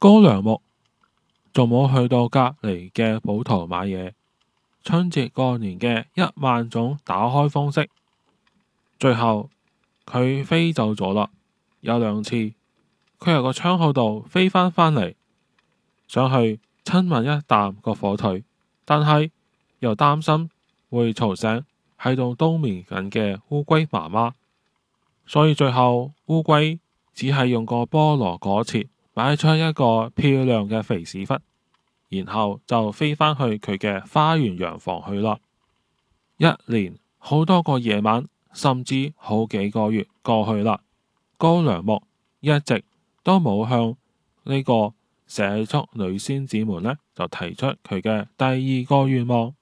高粱鉬仲冇去到隔籬嘅寶陶買嘢，春節過年嘅一萬種打開方式，最後佢飛走咗啦。有兩次佢由個窗口度飛返返嚟，想去親吻一啖個火腿，但係又擔心會吵醒喺度冬眠緊嘅烏龜媽媽，所以最後烏龜只係用個菠蘿果切。買出一個漂亮嘅肥屎忽，然後就飛返去佢嘅花園洋房去啦。一年好多個夜晚，甚至好幾個月過去啦，高粱鉬一直都冇向呢個社畜女仙子們呢就提出佢嘅第二個願望。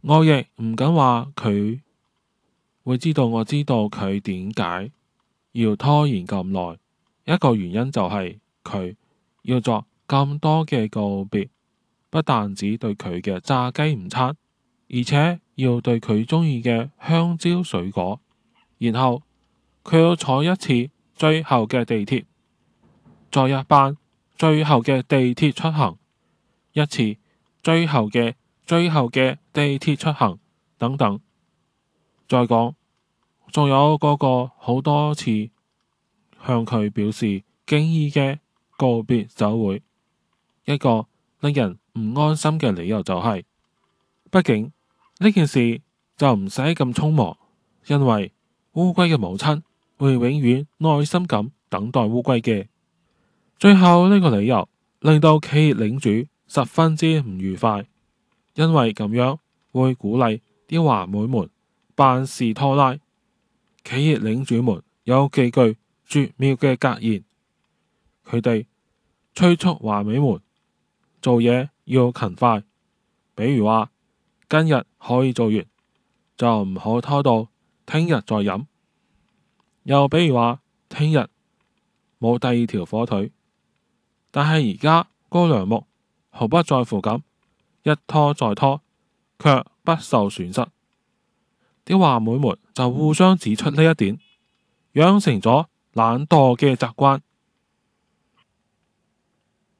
我亦唔敢話佢會知道，我知道佢點解要拖延咁耐，一個原因就係、是。佢要作咁多嘅告別，不但止對佢嘅炸雞唔差，而且要對佢中意嘅香蕉水果。然後佢要坐一次最後嘅地鐵，再一班最後嘅地鐵出行一次，最後嘅最後嘅地鐵出行等等。再講仲有嗰個好多次向佢表示敬意嘅。個別酒會一個令人唔安心嘅理由就係，畢竟呢件事就唔使咁匆忙，因為烏龜嘅母親會永遠耐心咁等待烏龜嘅。最後呢個理由令到企業領主十分之唔愉快，因為咁樣會鼓勵啲華妹們辦事拖拉。企業領主們有幾句絕妙嘅格言。佢哋催促華美們做嘢要勤快，比如話今日可以做完就唔好拖到聽日再飲。又比如話聽日冇第二條火腿，但係而家高粱鉬毫不在乎咁一拖再拖，卻不受損失。啲華美們就互相指出呢一點，養成咗懶惰嘅習慣。